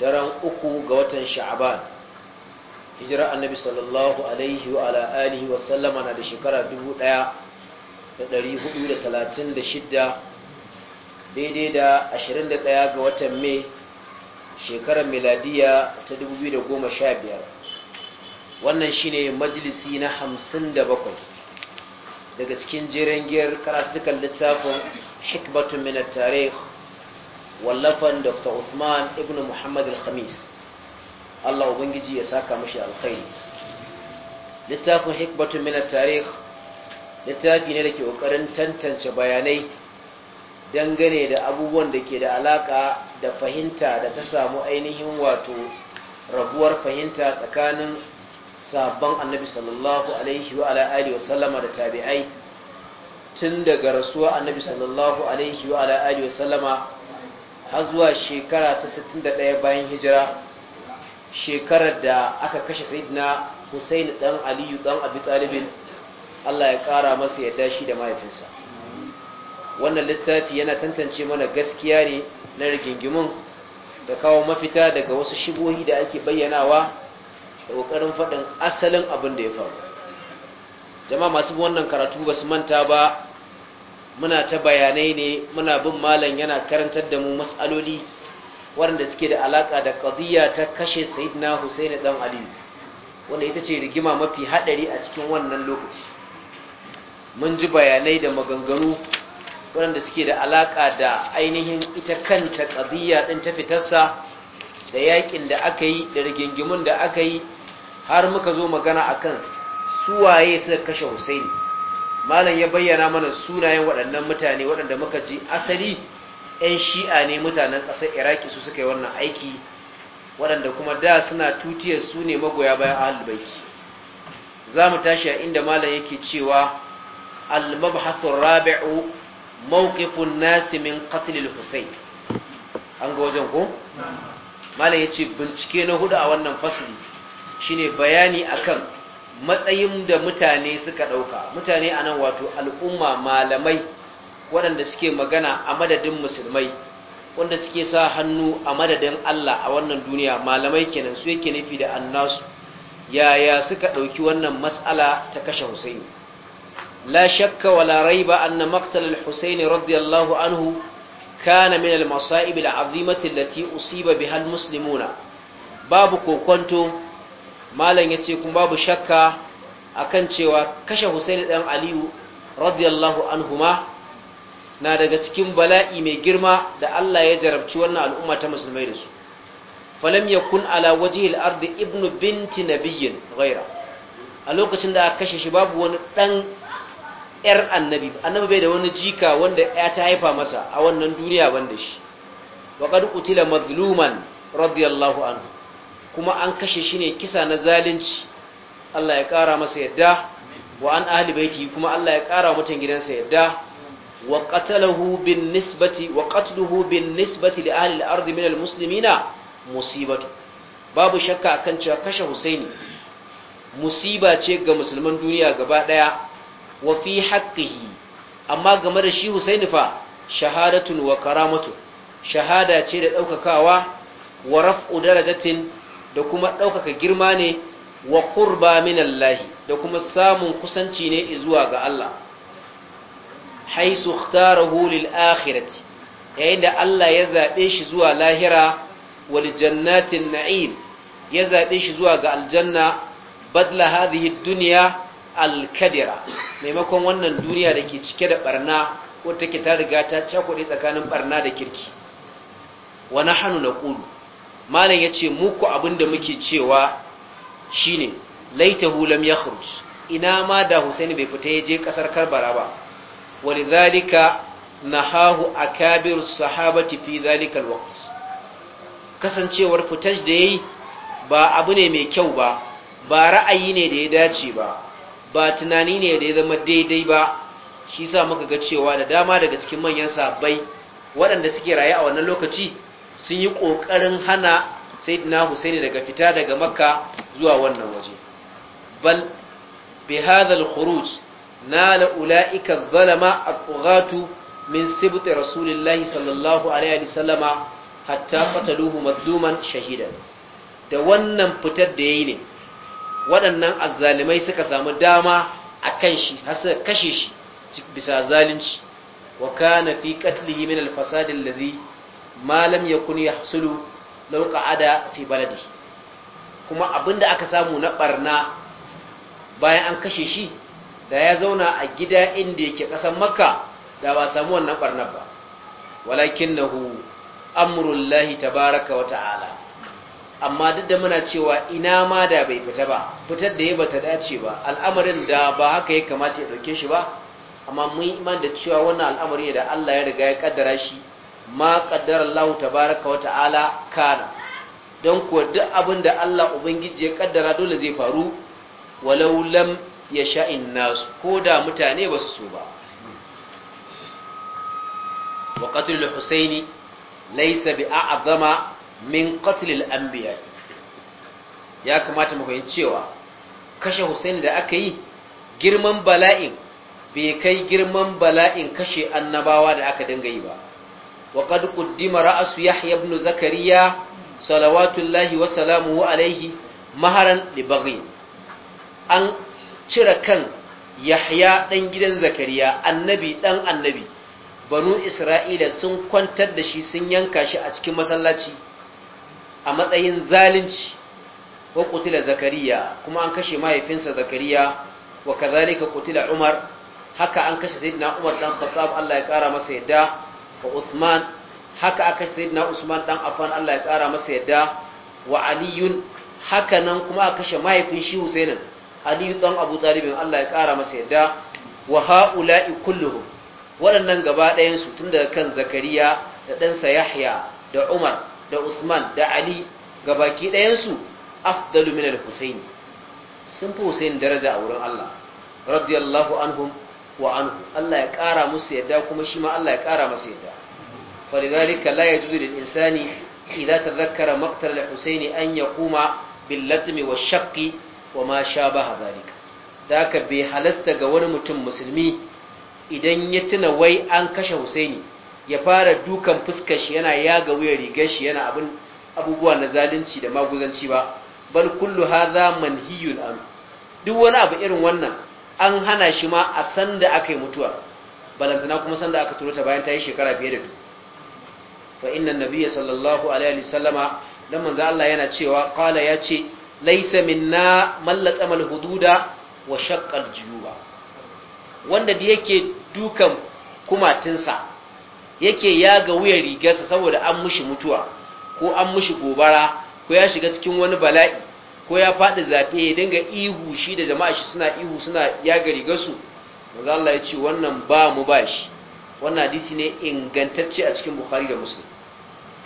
daren uku ga watan sha'aban hijira annabi sallallahu alaihi wa ala alihi wa sallama na da shekara 1436 daidai da 21 ga watan mai shekarar miladiya ta 2015 wannan shine majalisi na 57 daga cikin jirangiyar karatukan littafin hikmatun minar tarihi wallafan dr usman ibn muhammad al-khamis allah ubangiji ya saka mashi alkhairi littafin hikbatun mina tarih littafi ne da ke ƙoƙarin tantance bayanai dangane da abubuwan da ke da alaka da fahimta da ta samu ainihin wato rabuwar fahimta tsakanin sabon annabi sallallahu alaihi wa wa sallama da tabi'ai tun daga rasuwa annabi sallallahu alaihi wa wa sallama har zuwa shekara ta 61 bayan hijira shekarar da aka kashe saidina Hussein dan Aliyu dan Abi Talib Allah ya kara masa ya shi da mahaifinsa wannan littafi yana tantance mana gaskiya ne na rigingimun da kawo mafita daga wasu shigohi da ake bayyanawa da kokarin faɗin asalin abin da ya faru jama'a masu wannan karatu ba su manta ba muna ta bayanai ne muna bin malam yana karantar da mu matsaloli, waɗanda suke da alaƙa da ƙaziyya ta kashe sayyidina Husaini ɗan Ali wanda ita ce rigima mafi haɗari a cikin wannan lokaci mun ji bayanai da maganganu waɗanda suke da alaƙa da ainihin ita kanta ƙaziyya ɗin ta fitarsa da yaƙin da aka yi da rigingimun da aka yi har muka zo magana akan suwaye suka kashe Husaini malam ya bayyana mana sunayen waɗannan mutane waɗanda muka ji asali 'yan shi'a ne mutanen ƙasar iraki su suka yi wannan aiki waɗanda kuma da suna tutiya su ne magoya bayan a baiti za mu tashi a inda malam yake cewa al rabi'u mawqifun nasimin min qatl husayn an ga wajen ko malam yace bincike na hudu a wannan fasli shine bayani akan matsayin da mutane suka ɗauka mutane a nan wato al'umma malamai waɗanda suke magana a madadin musulmai wanda suke sa hannu a madadin Allah a wannan duniya malamai kenan su yake nufi da annasu yaya suka ɗauki wannan matsala ta kashe Husaini la shakka wa Larai raiba anna maqtal al-Husaini radiyallahu anhu kana min al-masa'ib al-'azimati allati usiba biha al-muslimuna babu kokonto malam ya ce kuma babu shakka akan cewa kashe husaini ɗan aliyu radiyallahu anhuma na daga cikin bala'i mai girma da allah ya jarabci wannan al'umma ta musulmai da su falam ya kun ala hil'ar da ibnu binti nabiyyin ghaira a lokacin da aka kashe shi babu wani ɗan ‘yar annabi annabi bai da wani jika wanda ya ta haifa masa a wannan duniya ban da shi Waƙar utila mazluman radiyallahu anhu kuma an kashe shi ne kisa na zalunci Allah ya ƙara masa yadda wa an ahli baiti kuma Allah ya kara mutan gidansa yadda wa qatalahu bin nisbati wa qatluhu bin nisbati li ahli al-ard min al-muslimina musibatu babu shakka akan cewa kashe Husaini musiba ce ga musulman duniya gaba daya wa fi haqqihi amma game da shi Husaini fa shahadatun wa karamatu shahada ce da daukakawa wa raf'u darajatin da kuma ɗaukaka girma ne wa ƙurba minallahi da kuma samun kusanci ne zuwa ga Allah haisu tara lil akhirati yayin da Allah ya zaɓe shi zuwa lahira wal jannatin na'im ya zaɓe shi zuwa ga aljanna badla hadhihi dunya al maimakon wannan duniya da ke cike da barna wata ke ta riga ta cakuɗe tsakanin ɓarna da kirki wa na naqulu malam ya ce muku abin da muke cewa shine laita hulam ya ina ma da husaini bai fita ya je ƙasar karbara ba wani zalika na hahu a kabir sahabati fi zalikal waqt kasancewar fitaj da ya yi ba abu ne mai kyau ba ba ra'ayi ne da ya dace ba ba tunani ne da ya zama daidai ba shi sa muka ga cewa da dama daga cikin manyan sabbai waɗanda suke raye a wannan lokaci sun yi ƙoƙarin hana saidina husaini daga fita daga makka zuwa wannan waje bal bi hadha khuruj nala ulaika zalama at min sibt rasulillahi sallallahu alaihi wa sallama hatta qataluhu madluman shahidan da wannan fitar da yayi ne waɗannan azzalimai suka samu dama akan shi har suka kashe shi bisa zalunci wa kana fi qatlihi min al alladhi malam ya kuni ya hasulu lauka ada fi baladi kuma abinda aka samu na barna bayan an kashe shi da ya zauna a gida inda yake kasan makka da ba samu wannan barna ba walakin na hu amurullahi tabaraka wa ta'ala amma duk da muna cewa ina ma da bai fita ba fitar da ya bata dace ba al'amarin da ba haka ya kamata ya dauke shi ba amma mun iman da cewa wannan al'amari da Allah ya riga ya kaddara shi ma qaddara Allah tabaaraka wa ta'ala kana don kuwa duk abin da Allah ubangiji ya kaddara dole zai faru walau lam yasha'in nas ko da mutane ba su so ba wa qatlul husaini laysa bi a'zama min qatlil anbiya ya kamata mu fahimci cewa kashe Husaini da aka yi girman bala'in bai kai girman bala'in kashe annabawa da aka dinga yi ba Waƙar qad quddima ra'su yahya ibn zakariya salawatullahi wa salamuhu alayhi maharan li an cire kan yahya ɗan gidan zakariya annabi ɗan annabi banu isra'ila sun kwantar da shi sun yanka shi a cikin masallaci a matsayin zalunci wa kutila zakariya kuma an kashe mahaifinsa zakariya wa kazalika kutila umar haka an kashe sayyidina umar dan khattab Allah ya ƙara masa yadda wa Usman haka aka sayyidina Usman dan afan Allah ya kara masa yadda wa Aliyun haka nan kuma aka kashe mahaifin shi Husainin Aliyu dan Abu Talib Allah ya kara masa yadda wa haula'i kulluhum waɗannan gaba ɗayan su tun daga kan Zakariya da ɗansa Yahya da Umar da Usman da Ali gabaki ɗayan su afdalu min al-Husaini sun fi Husain daraja a wurin Allah radiyallahu anhum wa anhu Allah ya kara musu yadda kuma shi ma Allah ya ƙara masu yadda falidhalika la yajuzu lil insani idza tadhakkara maqtal al-husaini an yaquma bil latmi wa shaqqi wa ma shabaha dhalika daka bai halasta ga wani mutum musulmi idan ya tuna wai an kashe Husaini ya fara dukan fuskar shi yana yaga wuyar rigar shi yana abin abubuwa na zalunci da maguzanci ba bal kullu hadha manhiyun an duk wani abu irin wannan an hana shi ma a sanda aka yi mutuwa balantana kuma sanda aka turo ta bayan ta yi shekara fiye da tu fa inna nabiyya sallallahu alaihi wasallama dan manzo Allah yana cewa qala ce laysa minna man laqama hududa wa shaqqa al-juyuba wanda da yake dukan kumatinsa yake ya ga wuyar rigarsa saboda an mushi mutuwa ko an mushi gobara ko ya shiga cikin wani bala'i ko ya faɗi zafi ya dinga ihu shi da jama'a shi suna ihu suna yaga gasu maza Allah ya ce wannan ba mu ba shi wannan hadisi ne ingantacce a cikin bukhari da musulun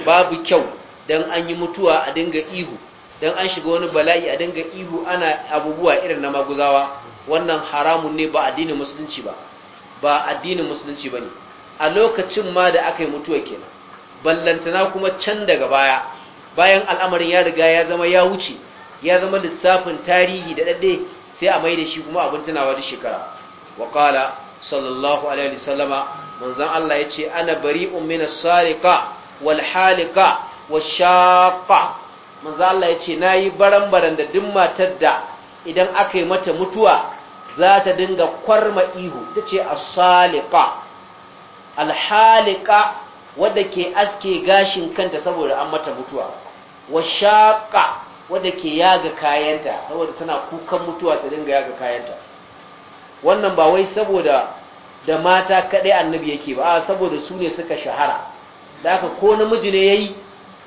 babu kyau don an yi mutuwa a dinga ihu don an shiga wani bala'i a dinga ihu ana abubuwa irin na maguzawa wannan haramun ne ba addinin musulunci ba ba addinin musulunci ba ne a lokacin ma da aka yi mutuwa kenan ballantana kuma can daga baya bayan al'amarin ya riga ya zama ya wuce ya zama lissafin tarihi da daɗe sai a mai da shi kuma abin tunawa da shekara wa qala sallallahu alaihi wasallama manzon Allah yace ana bari min as-sariqa wal halika washaqa manzon Allah yace nayi baran-baran da duk matar da idan aka yi mata mutuwa za ta dinga kwarma ihu tace as-saliqa al halika wadda ke aske gashin kanta saboda an mata mutuwa washaqa wadda ke yaga kayanta saboda tana kukan mutuwa ta dinga yaga kayanta wannan ba wai saboda da mata kadai annabi yake ba a saboda su ne suka shahara da aka ko namiji ne yayi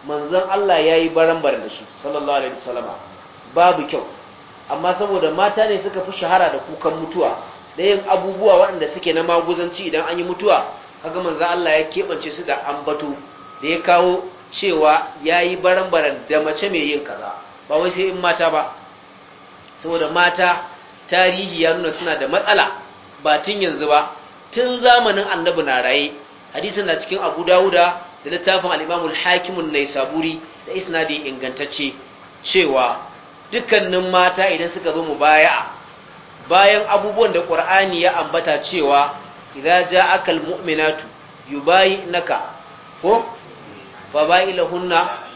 manzon Allah yayi barambar da shi sallallahu alaihi wasallama babu kyau amma saboda mata ne suka fi shahara da kukan mutuwa da yin abubuwa waɗanda suke na maguzanci idan an yi mutuwa kaga manzon Allah ya keɓance su da ambato da ya kawo cewa yayi barambaran da mace mai yin kaza ba wai sai in mata ba saboda mata tarihi ya nuna suna da matsala ba tun yanzu ba tun zamanin annabi na raye hadisin na cikin abu dawuda da littafin al'imamul hakimun na saburi da isnadi ingantacce cewa dukkanin mata idan suka zo mu baya bayan abubuwan da ƙur'ani ya ambata cewa idan ja akal mu'minatu yubayi naka ko fa bayi lahunna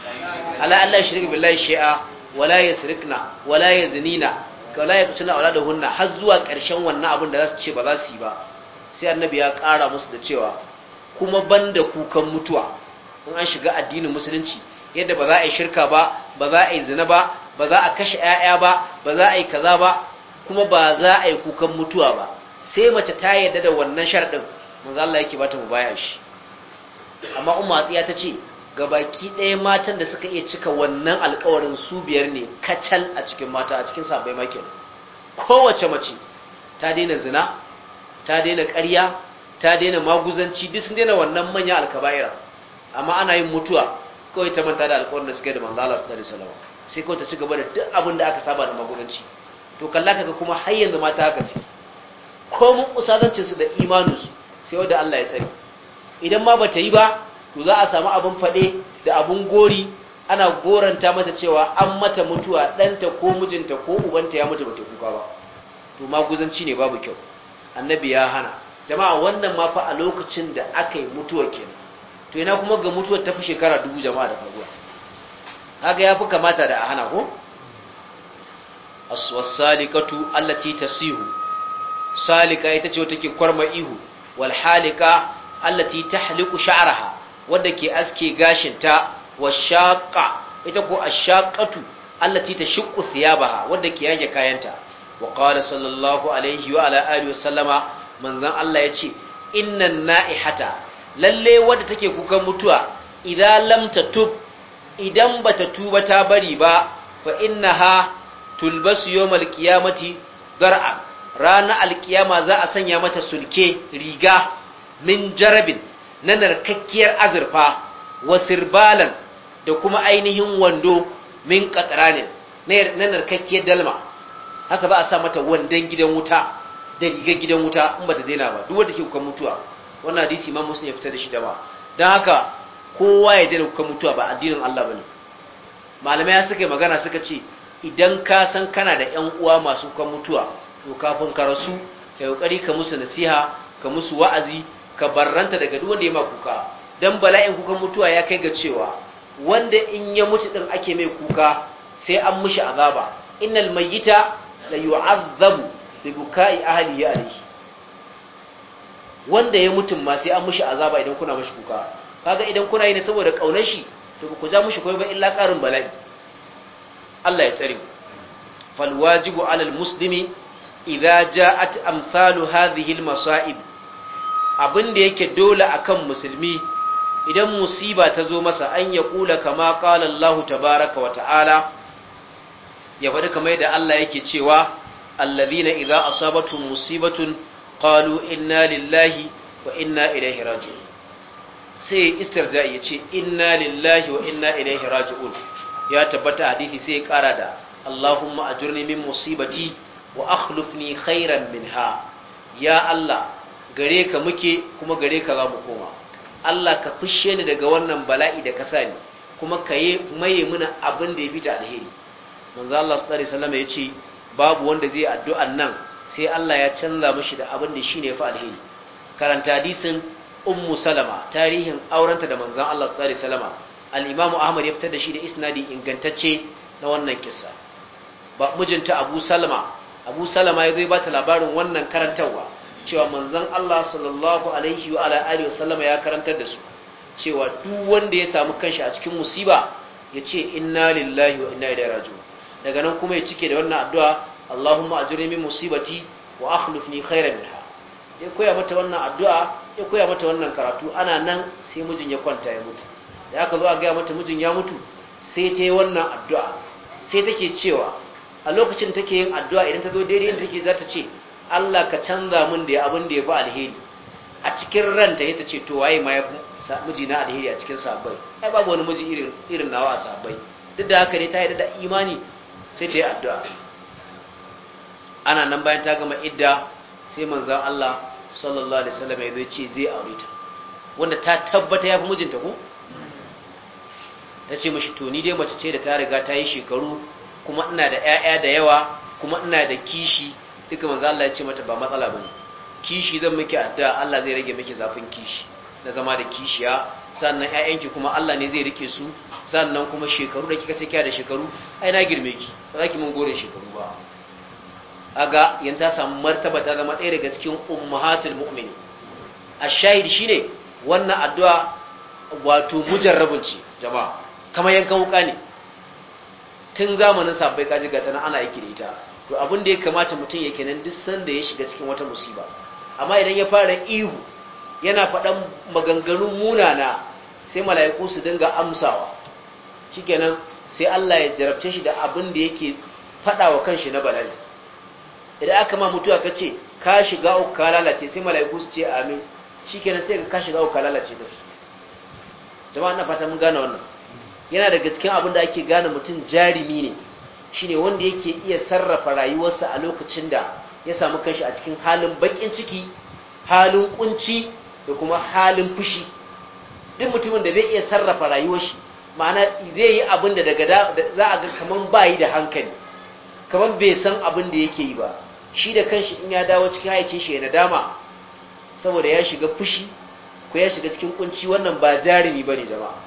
ala Allah shirka billahi shi'a wala ya sirikna wala ya zinina wala da hunna har zuwa ƙarshen wannan abin da za su ce ba za su yi ba sai annabi ya kara musu da cewa kuma banda kukan mutuwa in an shiga addinin musulunci yadda ba za a yi shirka ba ba za a yi zina ba ba za a kashe 'ya'ya ba ba za a yi kaza ba kuma ba za a yi kukan mutuwa ba sai mace ta yarda da wannan sharɗin manzo Allah yake bata baya shi amma umma tsiya ta ce gabaki ɗaya matan da suka iya cika wannan alkawarin su biyar ne kacal a cikin mata a cikin sabai makin kowace mace ta daina zina ta daina karya, ta daina maguzanci duk sun daina wannan manya alkaba'ira amma ana yin mutuwa kawai ta manta da alkawarin da yi da manzo Allah sallallahu alaihi sai kawai ta ci gaba da duk abin da aka saba da maguzanci to kalla ka kuma har yanzu mata haka su ko mun usadancin su da imaninsu sai wanda Allah ya tsare, idan ma bata yi ba to za a samu abin faɗe da abin gori ana goranta mata cewa an mata mutuwa ɗanta ko mijinta ko ubanta ya mutu bata kuka ba to maguzanci ne babu kyau annabi ya hana jama'a wannan ma fa a lokacin da aka yi mutuwa kenan to ina kuma ga mutuwar tafi shekara dubu jama'a da faruwa kaga ya fi kamata da a hana ko as-salikatu allati tasihu salika ita ce wata ke kwarma ihu wal halika allati tahliqu sha'raha wadda ke aske gashinta wa shaƙa ita ko shaƙatu allati tashqu thiyabaha wadda ke yage kayanta wa qala sallallahu alaihi wa ala wa sallama manzon Allah ya ce, innan na'ihata lalle wadda take kukan mutuwa idan lamta tub, idan bata tuba ta bari ba fa innaha tulbasu yawmal qiyamati dar'a rana alkiyama za a sanya mata sulke riga min jarabin na narkakkiyar azurfa wa sirbalan da kuma ainihin wando min katsiranin na narkakkiyar dalma haka ba a sa mata wandon gidan wuta da rigar gidan wuta in ba ta daina ba duk wanda ke kukan mutuwa wannan hadisi imam muslim ya fitar da shi da ba don haka kowa ya daina kukan mutuwa ba addinin allah ba ne malamai suka yi magana suka ce idan ka san kana da yan uwa masu kukan mutuwa to kafin ka rasu ka yi ka musu nasiha ka musu wa'azi ka barranta daga duk wanda ya ma kuka dan bala'in kukan mutuwa ya kai ga cewa wanda in ya mutu din ake mai kuka sai an mishi azaba innal mayyita la yu'azzabu bi buka'i ahlihi alayhi wanda ya mutum ma sai an mishi azaba idan kuna mishi kuka kaga idan kuna yi ne saboda kaunar shi to ku ja mishi koi ba illa karin bala'i Allah ya tsare mu fal wajibu alal muslimi idza ja'at amsalu hadhihi al masa'ib abin da yake dole akan musulmi idan musiba ta zo masa an ya kula kama qala Allah baraka wa ta'ala ya faɗi kamar yadda Allah yake cewa ina a asabatuhum musibatun qalu inna lillahi wa inna ilaihi raji'un sai istirja'i ya ce inna lillahi wa inna ilaihi raji'un ya tabbata hadithi sai ya kara da Allahumma ajurni min musibati wa akhlifni khairan minha ya Allah gare ka muke kuma gare ka za mu koma Allah ka fushe ni daga wannan bala'i da kasa ni. kuma ka yi maye muna abin da ya bi ta alheri manzo Allah sallallahu alaihi wasallam ya ce babu wanda zai addu'an nan sai Allah ya canza mishi da abin da shine ya fi alheri karanta hadisin ummu salama tarihin aurenta da manzo Allah sallallahu alaihi wasallam al-imam Ahmad ya fitar da shi da isnadi ingantacce na wannan kissa ba mijinta Abu Salama Abu Salama ya zai ba ta labarin wannan karantawa cewa manzon Allah sallallahu alaihi wa ala wasallama ya karantar da su cewa duk wanda ya samu kanshi a cikin musiba ya ce inna lillahi wa inna ilaihi raji'un daga nan kuma ya cike da wannan addu'a Allahumma ajurni min musibati wa akhlifni khayran minha ya koya mata wannan addu'a ya koya mata wannan karatu ana nan sai mijin ya kwanta ya mutu da aka zo a ga mata mijin ya mutu sai ta yi wannan addu'a sai take cewa a lokacin take yin addu'a idan ta zo daidai da take za ta ce Allah ka canza min da abin da ya fi alheri a cikin ranta ita ce to waye ma ya miji na alheri a cikin sabai ai babu wani miji irin irin nawa a sabai duk da haka ne ta yarda da imani sai ta yi addu'a ana nan bayan ta gama idda sai manzon Allah sallallahu alaihi wasallam ya ce zai aure ta wanda ta tabbata ya fi mijinta ko ta ce mashi to ni dai mace ce da ta riga ta yi shekaru kuma ina da 'ya'ya da yawa kuma ina da kishi duka manzo Allah ya ce mata ba matsala bane kishi zan miki addu'a Allah zai rage miki zafin kishi na zama da kishiya sannan ƴaƴanki kuma Allah ne zai rike su sannan kuma shekaru da kika ce kiya da shekaru ai na girme ki ba za ki mun gore shekaru ba aga yan ta samu martaba ta zama ɗaya daga cikin ummahatul mu'mini ash-shahid shine wannan addu'a wato mujarrabun ce jama'a kamar yankan wuka ne tun zamanin sabbai kaji ga tana ana aiki da ita to abin da ya kamata mutum ya kenan duk sanda ya shiga cikin wata musiba amma idan ya fara ihu yana faɗan maganganun munana sai mala'iku su dinga amsawa shikenan sai Allah ya jarabce shi da abin da yake faɗawa wa kanshi na bala'i idan aka ma mutuwa ka ce ka shiga uku ka lalace sai mala'iku su ce amin shikenan sai ka shiga uku ka lalace da jama'a na fata mun gane wannan yana daga cikin abin da ake gane mutum jarimi ne shine wanda yake iya sarrafa rayuwarsa a lokacin da ya samu kanshi a cikin halin bakin ciki halin kunci da kuma halin fushi duk mutumin da zai iya sarrafa rayuwarshi ma'ana zai yi abin da daga za a ga kaman bayi da hankali kaman bai san abin da yake yi ba shi da kanshi in ya dawo cikin haicin shi ya nadama saboda ya shiga fushi ko ya shiga cikin kunci wannan ba jarumi bane jama'a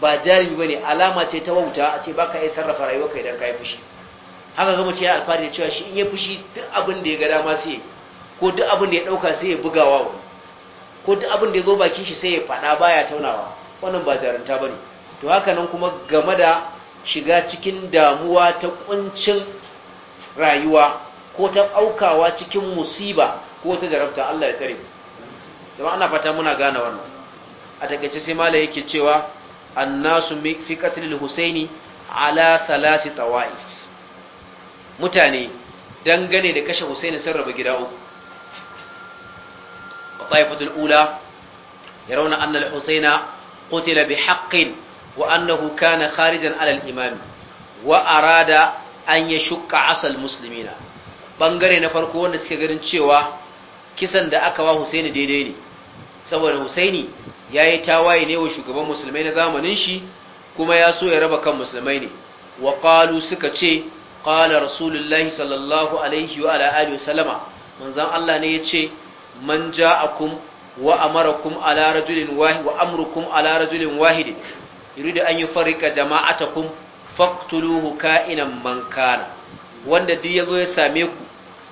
ba ba ne alama ce ta wauta a ce baka iya sarrafa rayuwarka idan ka yi fushi haka ga mutum ya alfahari da cewa shi in ya fushi duk abin da ya ga dama sai ko duk abin da ya dauka sai ya bugawa wani ko duk abin da ya zo bakin shi sai ya fada baya taunawa wannan ba jarunta bane to haka nan kuma game da shiga cikin damuwa ta kuncin rayuwa ko ta aukawa cikin musiba ko ta jarabta Allah ya tsare jama'a ana fata muna gane wannan a takeice sai malai yake cewa annasu fi qatlil husaini ala thalathi tawaif mutane dangane da kashe husaini sun raba gida uku taifatul ula yarawna anna al-husaina qutila bihaqqin wa annahu kana kharijan ala al-imam wa arada an yashqa asal muslimina bangare na farko wanda suke ganin cewa kisan da aka wa husaini daidai ne saboda husaini ya yi tawaye ne wa shugaban musulmai na zamanin shi kuma ya so ya raba kan musulmai ne wa qalu suka ce qala rasulullahi sallallahu alaihi wa ala alihi wasallama manzon Allah ne yace man ja'akum wa amarakum ala rajulin wahid wa amrukum ala rajulin wahid yuridu an yufarrika jama'atakum faqtuluhu ka'inan man kana wanda duk yazo ya same ku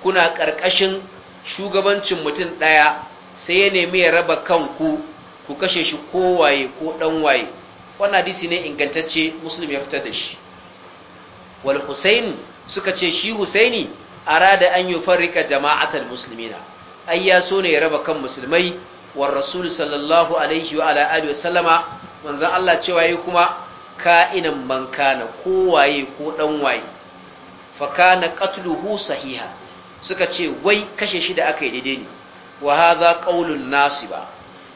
kuna ƙarƙashin shugabancin mutum ɗaya. sai ya nemi ya raba kanku ku kashe shi kowaye ko dan waye wannan hadisi ne ingantacce muslim ya fitar da shi wal husain suka ce shi husaini arada an farrika jama'atar musulmina. ai ya so ne ya raba kan musulmai war rasul sallallahu alaihi wa ala alihi wasallama manzon Allah cewa yi kuma ka'inan man kana kowaye ko dan waye fa kana qatluhu sahiha suka ce wai kashe shi da aka yi daidai ne wa hadha qaulun nasiba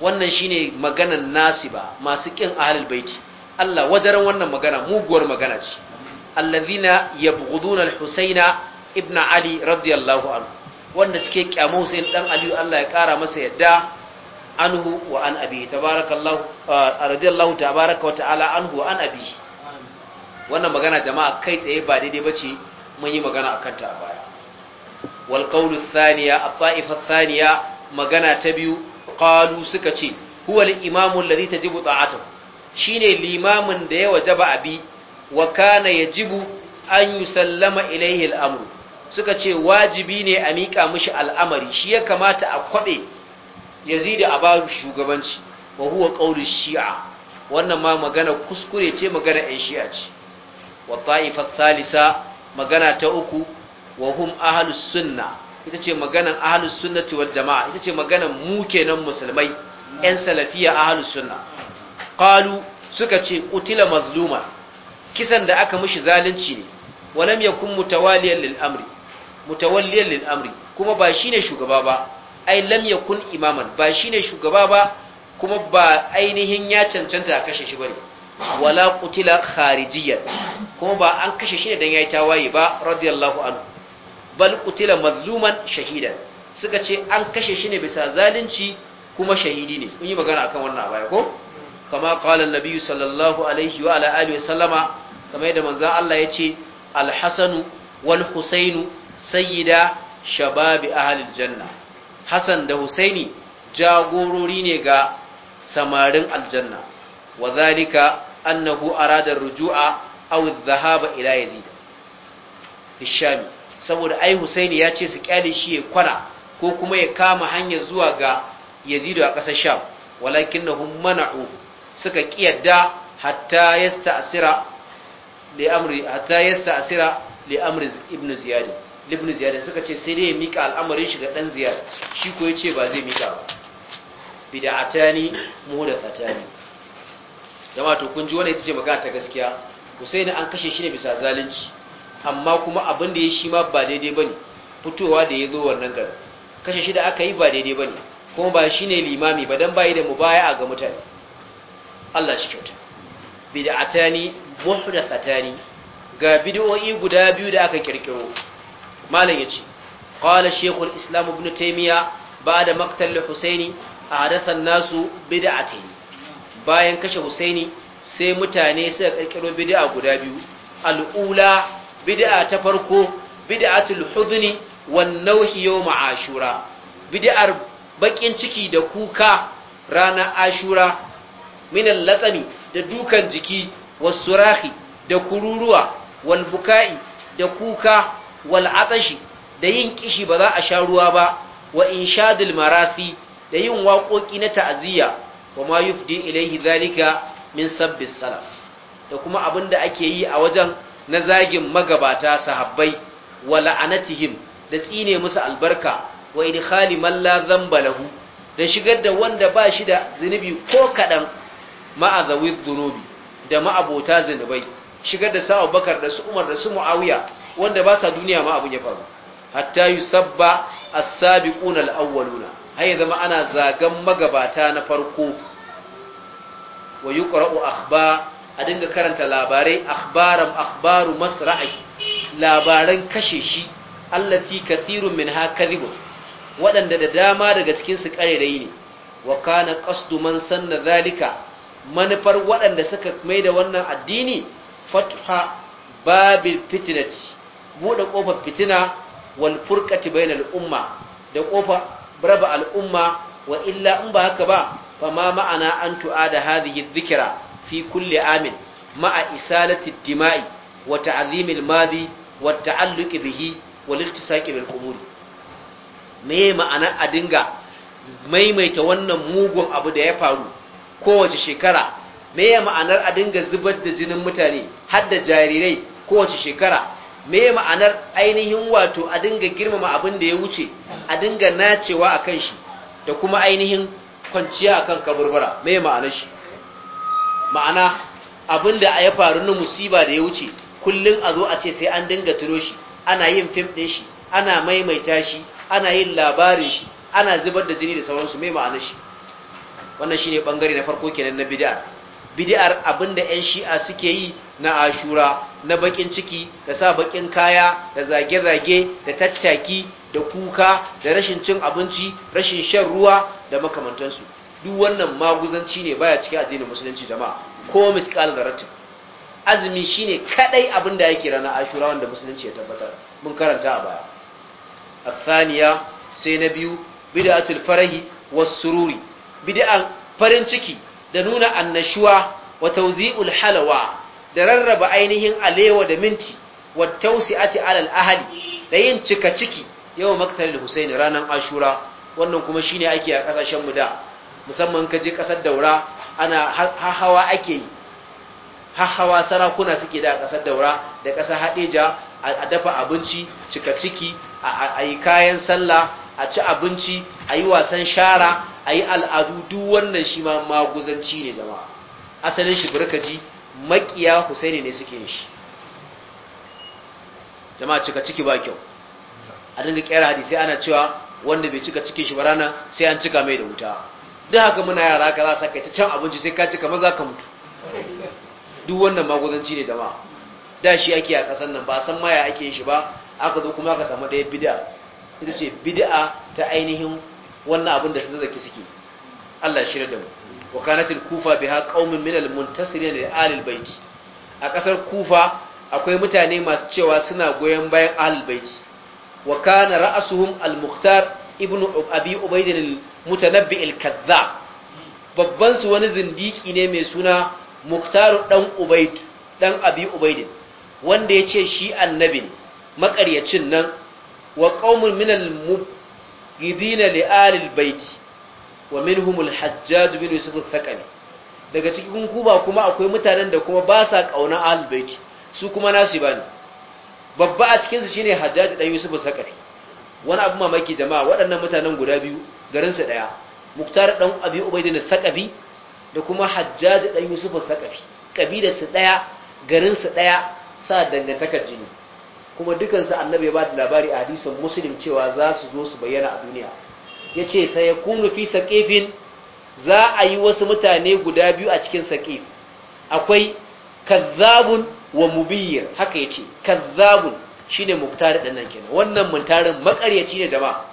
wannan shine maganan nasiba masu kin ahlul baiti Allah wadaran wannan magana muguwar magana ce alladhina yabghuduna al-husaina ibn ali radiyallahu anhu wanda suke kyama Hussein dan Ali Allah ya kara masa yadda anhu wa an abi tabarakallahu ah, radiyallahu tabaraka wa ta'ala anhu wa an abi wannan magana jama'a kai tsaye ba daidai bace mun yi magana akan ta a baya wal qawlu thaniya at-ta'ifa thaniya magana ta biyu qalu suka ce huwa al-imamu alladhi tajibu ta'atuhu shine limamin da ya wajaba abi wa kana yajibu an yusallama ilayhi al-amru suka ce wajibi ne a miƙa mishi al'amari shi ya kamata a kwabe yazidi a baru shugabanci wa huwa shi'a wannan ma magana kuskure ce magana yan shi'a ce wa ta'ifa Salisa magana ta uku wa hum ahlus sunnah ita ce maganan ahlus sunnati wal jama'a ita ce maganan mu kenan musulmai yan salafiya ahlus sunna qalu suka ce qutila mazluma kisan da aka mishi zalunci ne walam yakun mutawaliyan lil amri mutawalliyan lil amri kuma ba shine shugaba ba ai lam yakun imaman ba shine shugaba ba kuma ba ainihin ya cancanta a kashe shi bane wala qutila kharijiyan kuma ba an kashe shi ne dan yayi tawaye ba radiyallahu anhu bal qutila mazluman shahida suka ce an kashe shi ne bisa zalunci kuma shahidi ne kun yi magana akan wannan baya ko kama qala an sallallahu alaihi wa ala alihi sallama kamar yadda manzon Allah ya ce al-hasanu wal husainu sayyida shababi ahlil janna hasan da husaini jagorori ne ga samarin aljanna wa zalika annahu arada rujua aw adh-dhahaba ila yazid الشامي saboda ai husaini ya ce su kyale shi ya kwana ko kuma ya kama hanya zuwa ga yazidu a ƙasar sham walakin mana'u suka kiyarda hatta hatta yasta'sira li amri ibn ziyadi ibn ziyadi suka ce sai dai ya mika al'amarin shi ga dan ziyad shi ko ya ce ba zai mika ba bid'atani muhdathatani jama'a to kun ji wannan ita ce magana ta gaskiya Husaini an kashe shi ne bisa zalunci amma kuma abin da ya shi ma ba daidai ba ne fitowa da ya zo wannan garin kashe shi da aka yi ba daidai ba ne kuma ba shi ne limami ba don ba yi da mu baya ga mutane Allah shi kyauta da satani ga bid'o'i guda biyu da aka kirkiro malam ya ce qala islamu islam ibn ba da maktalli husaini a hadasan nasu bid'atayn bayan kashe husaini sai mutane suka kirkiro bid'a guda biyu al'ula bid'a ta farko bid'atul hudni wan nauhi yawm ashura bid'ar bakin ciki da kuka rana ashura min al-latami da dukan jiki wasurahi da kururuwa wal buka'i da kuka wal atashi da yin kishi ba za a sha ruwa ba wa inshadul marasi da yin waƙoƙi na ta'aziyya wa ma yufdi ilaihi zalika min sabbis salaf da kuma abinda ake yi a wajen na zagin magabata sahabbai wa la'anatihim da tsine musu albarka wa idkhali man la dhanba lahu da shigar da wanda ba shi da zunubi ko kadan ma'azawi dhunubi da ma'abota zunubai shigar da sa Abubakar da su Umar da su Muawiya wanda ba sa duniya ma abun ya faru hatta yusabba as-sabiquna al-awwaluna hay zama ana zagan magabata na farko wa yuqra'u akhba a dinga karanta labarai akhbaram akhbaru masra'i labaran kashe shi allati kathirun min kadhibun waɗanda da dama daga cikin su karerai ne wa kana qasdu man sanna zalika manufar waɗanda suka mai da wannan addini fatha babil fitnati buɗe kofar fitina wal furqati bainal umma da kofar raba al'umma wa illa in ba haka ba fa ma ma'ana an tu'ada hadhihi dhikra fi kulli amin ma'a isalati dima'i wa ta'zimil madi wa ta'alluqi bihi wa liltisaqi bil me ma'ana a dinga maimaita wannan mugun abu da ya faru kowace shekara me ma'anar a dinga zubar da jinin mutane har da jarirai kowace shekara me ma'anar ainihin wato a dinga girmama abin da ya wuce a dinga nacewa akan shi da kuma ainihin kwanciya akan kaburbura me ma'anar shi ma'ana abin da ya faru na musiba da ya wuce kullum a zo a ce sai an dinga tuno shi ana yin fim ɗin shi ana maimaita shi ana yin labarin shi ana zubar da jini da sauransu mai ma'anar shi wannan shine bangare na farko kenan na bidiyar. abin da yan shi'a suke yi na ashura na bakin ciki da sa bakin kaya da zage-zage da tattaki da kuka da rashin cin abinci rashin shan ruwa da makamantansu duk wannan maguzanci ne baya cikin addinin musulunci jama'a ko misqal daratin azumi shine kadai abin da yake rana ashura wanda musulunci ya tabbatar mun karanta a baya athaniya sai na biyu bid'atul farahi was sururi bid'an farin ciki da nuna annashuwa wa tawzi'ul halawa da rarraba ainihin alewa da minti wa tawsi'ati alal ahli da yin cika ciki yawan maktalil husaini ranan ashura wannan kuma shine ake a kasashen mu da musamman ka je kasar daura ana hahawa ake yi hahawa sarakuna suke da kasar daura da kasar hadeja a dafa abinci cika ciki a yi kayan sallah a ci abinci a yi wasan shara a yi al'adu duk wannan shi ma maguzanci ne jama'a asalin shi burkaji makiya husaini ne suke shi jama'a cika ciki ba kyau a dinga kera hadisai ana cewa wanda bai cika cikin shi ba rana sai an cika mai da wuta duk haka muna yara ka za ka ta can abinci sai ka ci kamar za ka mutu duk wannan magudanci ne jama'a da shi ake a ƙasar nan ba san maya ake shi ba aka zo kuma aka samu ɗaya bid'a ita ce bid'a ta ainihin wannan abin da su zaki suke Allah shirya da mu wakanatin kufa biha ha min al muntasiri da alil baiki a ƙasar kufa akwai mutane masu cewa suna goyon bayan alil baiki wakana ra'asuhun ra'asuhum al mukhtar ibnu abi ubaidin al kazzab babban su wani zindiki ne mai suna muktaru dan ubaid dan abi ubaidin wanda yace shi annabi makaryacin nan wa qaumun minal mubghidina li al bait wa al hajjaj bin yusuf al daga cikin kuba kuma akwai mutanen da kuma ba sa kauna al bait su kuma nasu ne babba a cikinsu shine hajjaj dan yusuf al-thaqafi wani abu mamaki jama'a waɗannan mutanen guda biyu garinsa ɗaya muktar ɗan abi ubaidina saƙafi da kuma hajjaji ɗan yusufu sakafi. ƙabilarsu ɗaya garinsu ɗaya sa dangantakar jini kuma dukansu annabi ya ba da labari a hadisin muslim cewa za su zo su bayyana a duniya ya ce sai ya kunu fi saƙifin za a yi wasu mutane guda biyu a cikin saƙif akwai kazzabun wa mubiyyir haka ya ce kazzabun shine muktar ɗan nan kenan wannan muntarin makaryaci ne jama'a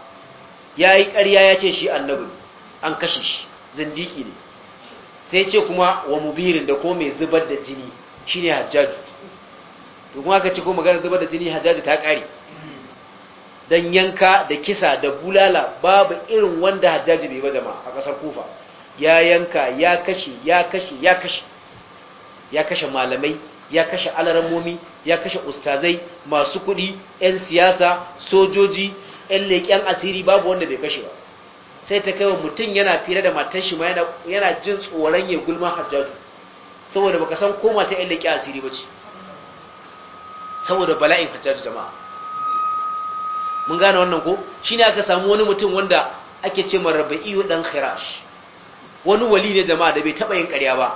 ya yi ƙarya ya ce shi annabi an kashe shi zindiki ne sai ce kuma wa mubirin da ko mai zubar da jini shi ne hajjaju to kuma aka ce ko magana zubar da jini hajjaju ta ƙari don yanka da kisa da bulala babu irin wanda hajjaju bai ba jama'a a ƙasar kufa ya yanka ya kashe ya kashe ya kashe ya kashe malamai ya kashe alaramomi ya kashe ustazai masu kuɗi 'yan siyasa sojoji 'yan leƙen asiri babu wanda bai kashe ba sai ta kaiwa mutum yana fira da matan shi ma yana jin tsoron ya gulma hajjatu saboda baka san koma ta 'yan leƙen asiri ba ce saboda bala'in hajjatu jama'a mun gane wannan ko shi ne aka samu wani mutum wanda ake ce iyo ɗan khirash wani wali ne jama'a da bai taɓa yin ƙarya ba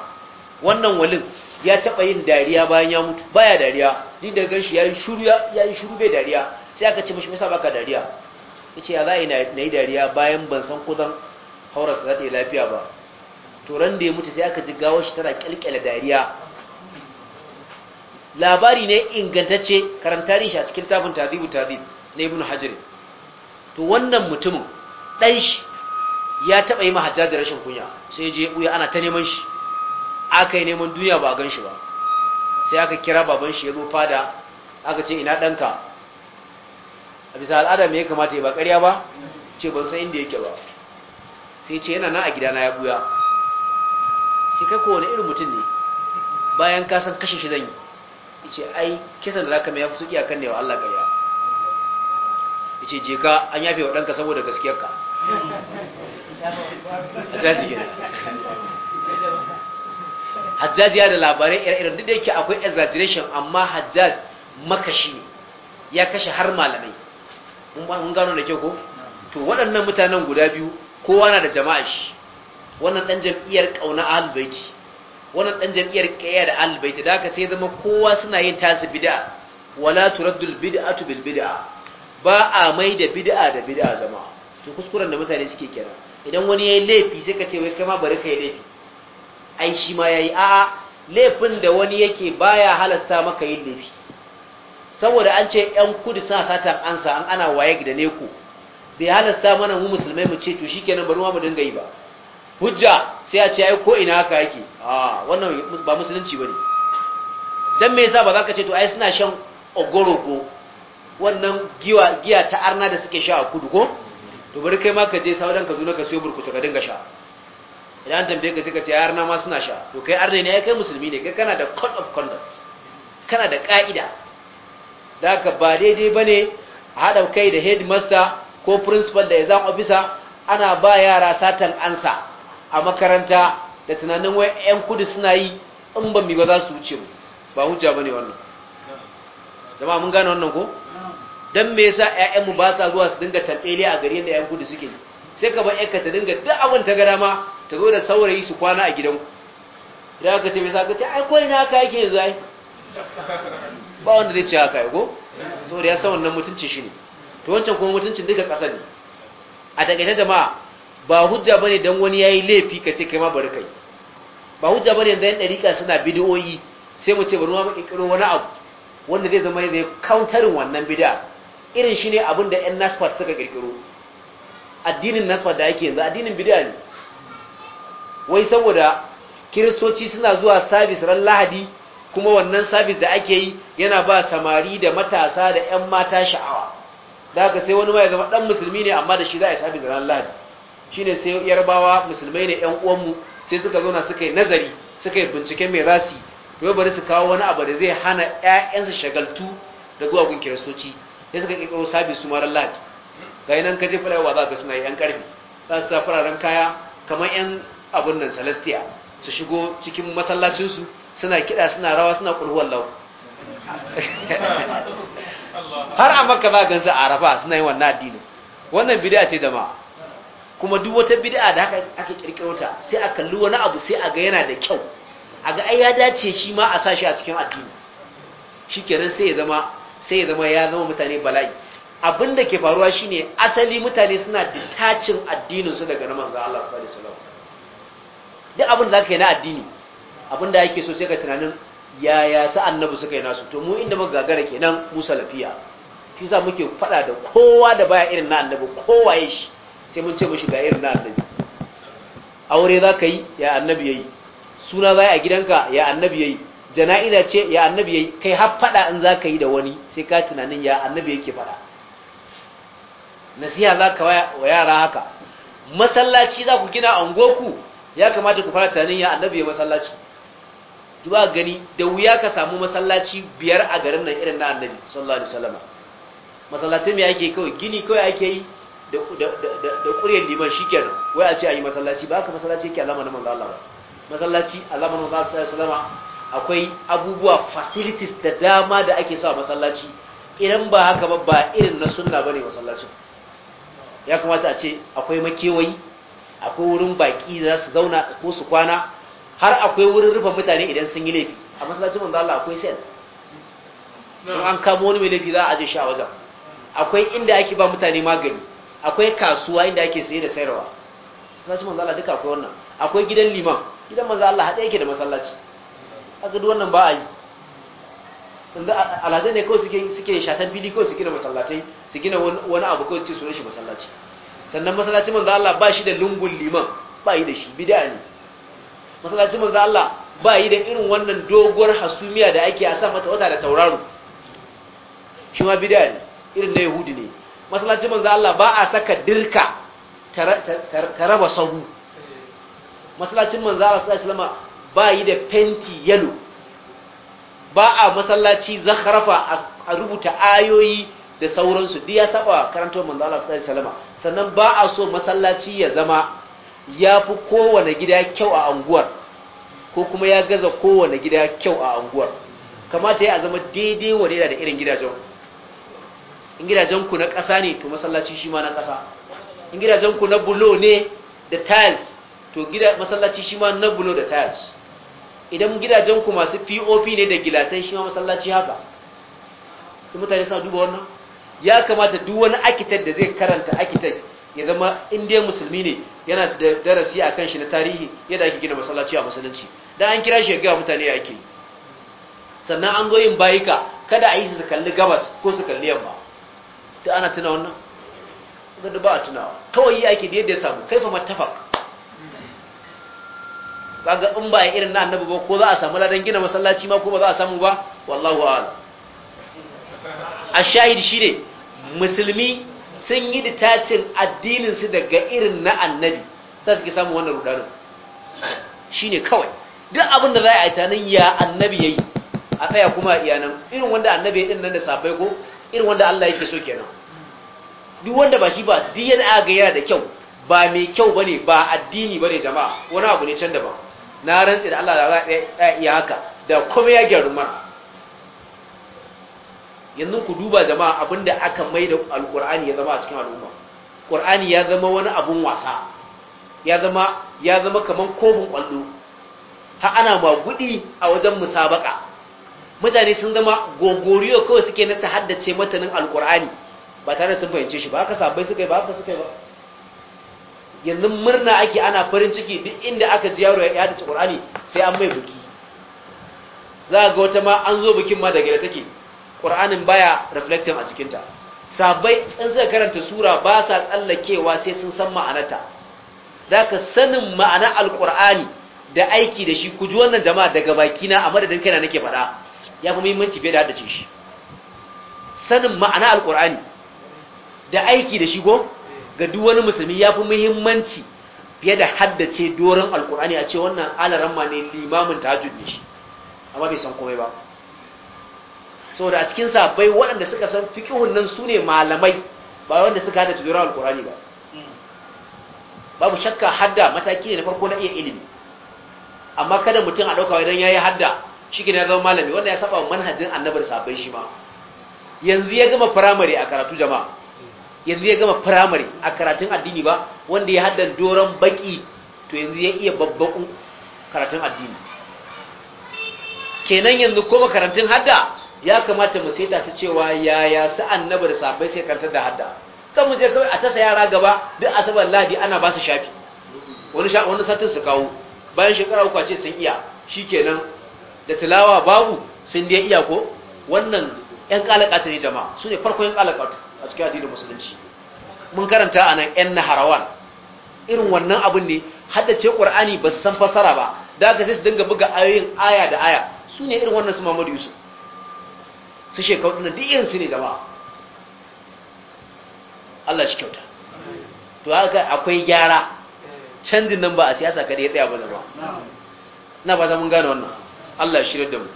wannan walin ya taɓa yin dariya bayan ya mutu baya dariya ni da ganshi ya yi shuru bai dariya sai aka ce mashi masa baka dariya ya ce ya za na yi dariya bayan ban san kudan haurarsa za ta lafiya ba turan da ya mutu sai aka ji gawar shi tana kyalkyala dariya labari ne ingantacce karanta rishi a cikin tafin tazibu tazib na ibn hajar to wannan mutumin ɗan shi ya taɓa yi mahajjajar rashin kunya sai je ɓuya ana ta neman shi aka yi neman duniya ba a gan shi ba sai aka kira baban shi ya zo fada aka ce ina ɗanka a bisa al'ada me ya kamata ya ba ƙarya ba ce ban san inda yake ba sai ce yana na a gidana ya buya shi kai kowane irin mutum ne bayan kasan kashe shi zan yi ce ai kisan da za ka mai ya fi suki a kan ne wa Allah ƙarya ya ce jeka an yafe wa ɗanka saboda gaskiyarka ka. gina hajjaji ya da labarai irin duk da yake akwai exaggeration amma hajjaji makashi ya kashe har malamai mun gano da kyau ko to waɗannan mutanen guda biyu kowa na da jama'a shi wannan ɗan jam'iyyar ƙauna ahlul wannan ɗan jam'iyyar ƙaya da ahlul da haka sai zama kowa suna yin tasu bid'a wala turaddul bid'atu bil bid'a ba a mai da bid'a da bid'a jama'a to kuskuren da mutane suke kira idan wani yayi laifi sai ka ce wai kai ma bari kai laifi ai shi ma yayi a'a laifin da wani yake baya halasta maka yin laifi saboda an ce yan kudu suna satan ansa an ana waye da ku, bai halasta mana mu musulmai mu ce to shikenan bari mu dinga yi ba hujja sai a ce ai ko ina haka yake a wannan ba musulunci bane dan me yasa ba za ka ce to ai suna shan ogorogo wannan giwa giya ta arna da suke sha a kudu ko to bari kai ma ka je saudan ka zo ka siyo burkutu ka dinga sha idan an tambaye ka sai ka ce arna ma suna sha to kai arne ne ai kai musulmi ne kai kana da code of conduct kana da ka'ida da ka ba daidai ba ne a haɗa kai da headmaster ko principal da exam officer ana ba yara satan ansa a makaranta da tunanin wai 'yan kudu suna yi in ba mi ba za su wuce ba hujja ba ne wannan jama'a mun gane wannan ko don me yasa 'ya'yanmu ba sa zuwa su dinga tambele a gari yadda 'yan kudu suke sai ka bar 'yanka ta dinga duk abin ta gada ma ta zo da saurayi su kwana a gidanku idan aka ce me yasa ka ce ai ko ina ka yake yanzu ai ba wanda zai ce haka yago saboda ya san wannan mutuncin shi ne to wancan kuma mutuncin duka ƙasa ne a takaice jama'a ba hujja bane dan wani yayi laifi ka ce kai ma bari kai ba hujja bane dan yan dariƙa suna bidiyoyi sai mu ce bari mu kirkiro wani abu wanda zai zama zai kauntarin wannan bid'a irin shine abin da yan nasfar suka kirkiro addinin nasfar da yake yanzu addinin bid'a ne wai saboda kiristoci suna zuwa sabis ran lahadi kuma wannan sabis da ake yi yana ba samari da matasa da 'yan mata sha'awa da haka sai wani ya zama dan musulmi ne amma da shi za a yi sabis da ran lahadi shi ne sai yarbawa musulmai ne 'yan uwanmu sai suka zauna suka yi nazari suka yi bincike mai rasi to bari su kawo wani abu da zai hana 'ya'yansu shagaltu da zuwa gun kiristoci sai suka kirkiro sabis su maran lahadi ga nan kaje fulawa za ka suna yan karfi za su sa fararen kaya kamar 'yan abun nan celestia su shigo cikin masallacinsu suna kiɗa suna rawa suna ƙulhuwar lau har a maka ba gansu a arafa suna yin wannan addini. wannan bid'a ce da ma kuma duk wata bid'a da haka aka kirkiro ta sai a kalli wani abu sai a ga yana da kyau a ga ai ya dace shi ma a sashi a cikin addini kenan sai ya zama sai ya zama ya zama mutane bala'i abin da ke faruwa shine asali mutane suna detaching addinin daga na manzo Allah sallallahu alaihi wasallam duk abin da na addini Abin da yake so sai ka tunanin ya sa annabi suka yi nasu to mu inda muka gagara kenan mu salafiya shi sa muke fada da kowa da baya irin na annabi kowa ya shi sai mun ce mishi ga irin na annabi aure za ka yi ya annabi yayi suna za a gidanka ya annabi yayi jana'iza ce ya annabi yayi kai har fada in za ka yi da wani sai ka tunanin ya annabi yake fada nasiha za ka wa yara haka masallaci za ku gina angoku ya kamata ku fara tunanin ya annabi ya masallaci zuwa gani da wuya ka samu masallaci biyar a garin nan irin na annabi sallallahu alaihi wasallam masallatai me ake kawai gini kawai ake yi da da ƙuryar liman shikenan wai a ce a yi masallaci ba ka masallaci yake alama na manzo Allah ba masallaci alama na sallallahu alaihi wasallam akwai abubuwa facilities da dama da ake sa masallaci idan ba haka ba ba irin na sunna bane masallacin ya kamata a ce akwai makewayi akwai wurin baki da za su zauna ko su kwana har akwai wurin rufe mutane idan sun yi laifi a masallacin manzo Allah akwai sel don an kamo wani mai laifi za a je shi a wajen akwai inda ake ba mutane magani akwai kasuwa inda ake saye da sayarwa masallacin manzo Allah duka akwai wannan akwai gidan liman gidan manzo Allah hada yake da masallaci aka duk wannan ba a yi inda alhazai ne kawai suke suke shatan fili kawai su gina masallatai su gina wani abu kawai su ce sunan shi masallaci sannan masallacin manzo Allah ba shi da lungun liman ba yi da shi bid'a ne masallacin manzo Allah ba yi da irin wannan doguwar hasumiya da ake a sa mata wata da tauraro shi ma bid'a ne irin na yahudi ne masallacin manzo Allah ba a saka dirka ta raba sahu masallacin manzo Allah sallallahu alaihi wasallam ba yi da fenti yalo ba a masallaci zakarafa a rubuta ayoyi da sauransu duk ya saba karantar manzo Allah sallallahu alaihi wasallam sannan ba a so masallaci ya zama ya fi kowane gida kyau a anguwar ko kuma ya gaza kowane gida kyau a anguwar kamata ya zama daidai wane da irin gidajen in gidajen ku na ƙasa ne to masallaci shi ma na ƙasa in gidajen ku na bulo ne da tiles to masallaci shi ma na bulo da tiles idan gidajen ku masu POP ne da gilasai shi ma masallaci haka mutane suna duba wannan ya kamata duk wani akitar da zai karanta akitar ya zama indiya musulmi ne yana da darasi a kan shi na tarihi yadda ake gina masallaci a musulunci don an kira shi ya gaya mutane ake ke sannan an goyin bayika kada a yi su kalli gabas ko su kalli yamma da ana tuna wannan gada ba a tunawa kawai yi ake da yadda ya samu kaifa matafak kaga in ba irin na annabi ba ko za a samu ladan gina masallaci ma ko ba za a samu ba wallahu a'lam ashahid shine musulmi sun yi detachin addininsu daga irin na annabi za su ke samun wannan rudanin shi ne kawai duk abin da za a yi nan ya annabi ya yi a tsaya kuma a iyanan irin wanda annabi ya nan da safai ko irin wanda Allah yake so kenan duk wanda ba shi ba diyan ga yana da kyau ba mai kyau ba ne ba addini ba ne jama'a wani abu ne can da ba na rantsi da Allah da za a iya haka da kuma ya gyaru mara yanzu ku duba jama'a abinda aka mai da alkur'ani ya zama a cikin al'umma ƙur'ani ya zama wani abun wasa ya zama ya zama kaman kofin kwallo ha ana maguɗi a wajen musabaka mutane sun zama gogoriyo kawai suke na haddace matanin alkur'ani ba tare sun fahimce shi ba haka sabai suka yi ba haka suka yi ba yanzu murna ake ana farin ciki duk inda aka ji yaro ya haddace qur'ani sai an mai buki za ga wata ma an zo bikin ma da gida take ƙur'anin baya reflecting a cikinta sabai in suka karanta sura ba sa tsallakewa sai sun san ma'anata da ka sanin ma'ana alƙur'ani da aiki da shi ku wannan jama'a daga bakina a madadin kaina nake faɗa ya fi muhimmanci fiye da haddace shi sanin ma'ana alƙur'ani da aiki da shi ko ga duk wani musulmi ya fi muhimmanci fiye da haddace doron alƙur'ani a ce wannan alaramma ne limamin tahajjud ne shi amma bai san komai ba da a cikin sahabbai waɗanda suka san fiqhun nan sune malamai ba wanda suka hada tudura alqurani ba babu shakka hadda mataki ne na farko na iya ilimi amma kada mutum a dauka idan yayi hadda shi ne ya zama malami wanda ya saba manhajin annabar sahabbai shi ma yanzu ya gama primary a karatu jama'a yanzu ya gama primary a karatun addini ba wanda ya hadda doron baki to yanzu ya iya babban karatun addini kenan yanzu ko makarantun hadda ya kamata mu saita su cewa yaya su annabi da sai kantar da hadda kan mu je kawai a tasa yara gaba duk asabar ladi ana ba su shafi wani sha wani satin su kawo bayan shekara uku ce sun iya shikenan da tilawa babu sun dai iya ko wannan yan kalaka ne jama'a su ne farko yan kalaka a cikin addinin musulunci mun karanta a nan yan naharawan irin wannan abin ne haddace qur'ani ba su san fasara ba da aka sai su dinga buga ayoyin aya da aya su ne irin wannan su Muhammadu Yusuf su shekaru na duk irin su ne jama'a Allah shi kyauta to haka akwai gyara canjin nan ba a siyasa kada ya tsaya ba zama na ba zama mun gane wannan Allah shirya da mu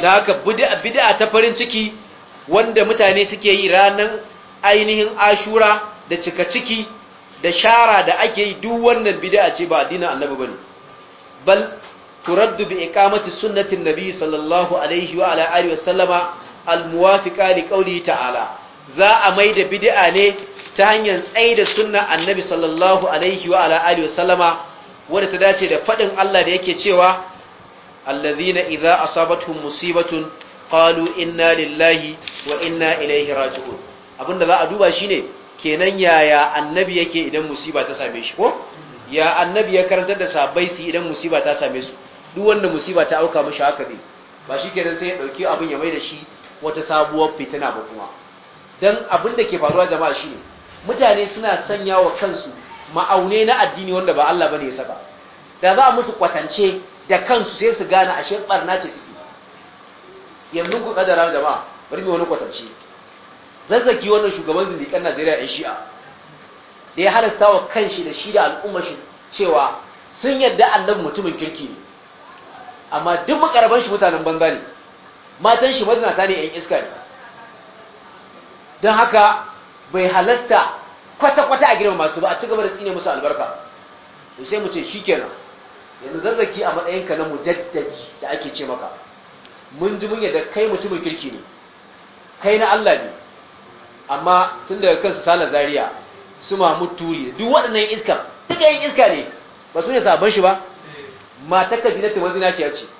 da haka bid'a ta farin ciki wanda mutane suke yi ranar ainihin ashura da cika ciki da shara da ake yi duk wannan bid'a ce ba addinin annabi bane bal turaddu bi iqamati sunnati nabi sallallahu alaihi wa ala alihi wa sallama al-muwafiqa li qawlihi ta'ala za a mai da bid'a ne ta hanyar tsaida da sunna annabi sallallahu alaihi wa ala alihi wa sallama wanda ta dace da fadin Allah da yake cewa allazina idza asabatuhum musibatun qalu inna lillahi wa inna ilaihi raji'un abinda za a duba shine kenan yaya annabi yake idan musiba ta same shi ko ya annabi ya karanta da sabai su idan musiba ta same su duk wanda musiba ta auka mashi haka ne ba shi kenan sai ya dauki abin ya mai da shi wata sabuwar fitina ba kuma don abin da ke faruwa jama'a shi ne mutane suna sanya wa kansu ma'aune na addini wanda ba Allah ba ne ya saba da za a musu kwatance da kansu sai su gane ashe na ce suke yanzu ku kadara jama'a bari mai wani kwatance zazzaki wannan shugaban zindikan Najeriya ɗan Shi'a da ya halasta wa kanshi da shi da al'ummar shi cewa sun yadda annabi mutumin kirki ne amma duk makarabar shi mutanen banza ne matan shi ta ne yan iska ne don haka bai halasta kwata-kwata a girma masu ba a cigaba da tsine musu albarka to sai mu ce shi kenan yanzu zazzaki a matsayinka na mujaddaji da ake ce maka mun ji mun yadda kai mutumin kirki ne kai na Allah ne amma tun daga kansu sala zaria su mahmud turi duk waɗannan iska duk iska ne ba su ne sabon shi ba eh. matakka zinata ya ce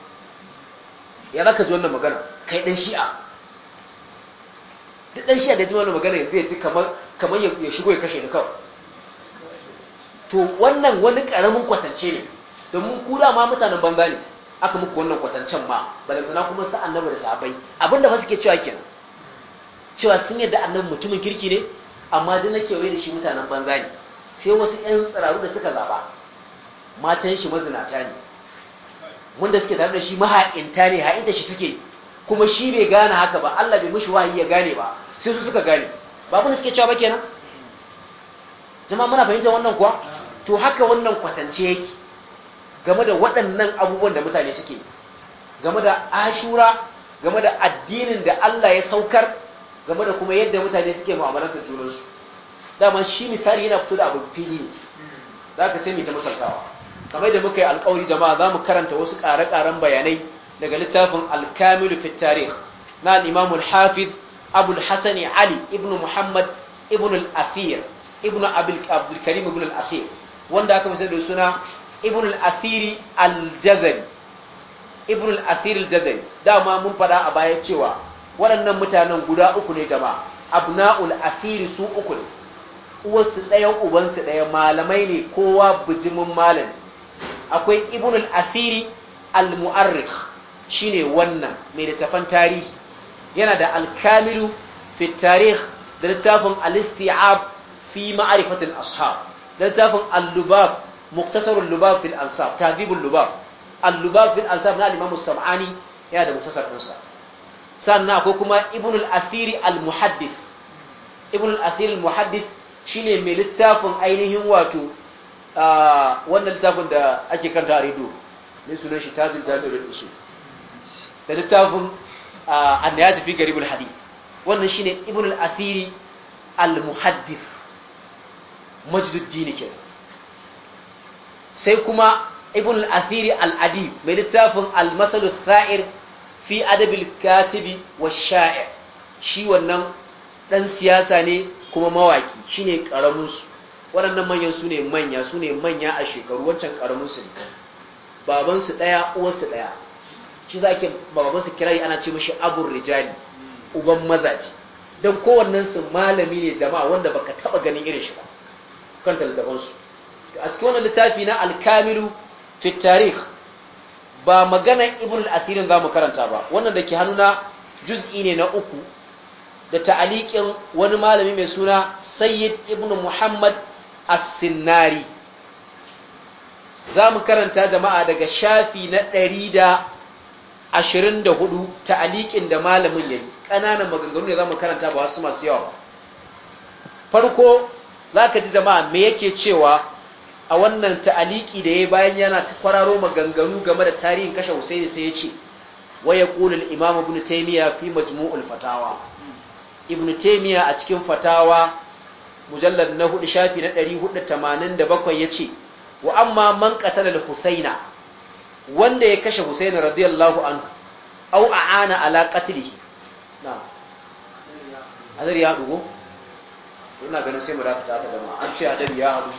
ya za ka ji wannan magana kai ɗan shi'a duk ɗan shi'a da ji wannan magana zai ji kamar ya shigo ya kashe ni kawai to wannan wani ƙaramin kwatance ne domin kula ma mutanen banza ne aka muku wannan kwatancen ma balantana kuma sa annabi da sahabbai abinda ba suke cewa kenan cewa sun yadda annabi mutumin kirki ne amma duk na kewaye da shi mutanen banza ne sai wasu 'yan tsiraru da suka zaba matan shi mazinata ne wanda suke tare da shi maha'inta ne ha'inta shi suke kuma shi bai gane haka ba Allah bai mishi wahayi ya gane ba sai su suka gane ba abin da suke cewa ba kenan jama'a muna fahimtar wannan kuwa to haka wannan kwatance yake game da waɗannan abubuwan da mutane suke game da ashura game da addinin da Allah ya saukar game da kuma yadda mutane suke mu'amalantar junansu dama shi misali yana fito da abu fili ne za ka sai mai ta misaltawa kamar da muka yi alkawari jama'a za mu karanta wasu ƙare-ƙaren bayanai daga littafin alkamilu fi tarih na al al-hafiz abu al ali ibn muhammad ibn al-athir ibn abdulkarim ibn al wanda aka masa da suna ibn al-athir al-jazari ibn al al-jazari dama mun fada a baya cewa waɗannan mutanen guda uku ne jama'a abna'ul asiri su uku ne uwarsu ɗayan ubansu ɗaya malamai ne kowa bijimin malami akwai ibn al-asiri al-mu'arrikh shine wannan mai littafan tarihi yana da al-kamilu fi tarikh da littafin al-isti'ab fi ma'rifat al-ashab da littafin al-lubab lubab fi al-ansab lubab al-lubab fi al-ansab na al-imam as-sam'ani yana da muktasar ɗinsa sannan akwai kuma ibn al-asiri al-muhaddith ibn al-asiri al-muhaddith shine mai littafin ainihin wato wannan littafin da ake kanta a rido ne sunan shi tajin jami'ar usul da littafin annayat tafi garibul hadith wannan shine ibn al-athiri al-muhaddith majduddin sai kuma ibn al-athiri al-adib mai littafin al-masal sa'ir fi adabil katibi wa sha'ir shi wannan dan siyasa ne kuma mawaki shine ne ƙaramunsu waɗannan manyan su ne manya su ne manya a shekaru wancan ƙaramin su ne babansu ɗaya uwarsu ɗaya shi za ke babansu kirari ana ce mashi abu rijali uban mazaji don su malami ne jama'a wanda baka taɓa ganin irin shi ba kan talitafansu a cikin wannan littafi na alkamilu fi tarih ba magana ibn al-asirin za mu karanta ba wannan da ke hannuna juz'i ne na uku da ta'aliƙin wani malami mai suna sayyid ibn muhammad as-sinnari za karanta jama'a daga shafi na 124 ta'aliqin da malamin yayi ƙananan maganganu ne zamu karanta ba wasu masu yawa farko zaka ji jama'a me yake cewa a wannan ta'aliki da yayi bayan yana kwararo maganganu game da tarihin kashe Husaini sai ya ce waya al imam ibn taymiya fi majmu'ul fatawa ibn taymiya a cikin fatawa mujallar na hudu shafi na 487 ya ce wa amma man qatalar husaina wanda ya kashe husaina radiyallahu anhu au a'ana ala qatlihi na azar ya dugo ina ganin sai mu dakata ta zama an ce a dari ya haɗu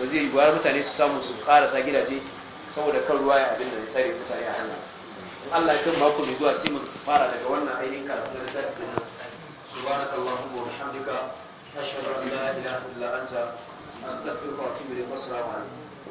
ba zai yi ba mutane su samu su karasa gidaje saboda kan ruwa ya abin da ya tsare mutane a hanya Allah ya kan mako mai zuwa simin fara daga wannan ainihin karatu da zafi subhanakallahumma wa bihamdika أشهد أن لا إله إلا أنت أستغفرك وأتوب إليك والسلام عليك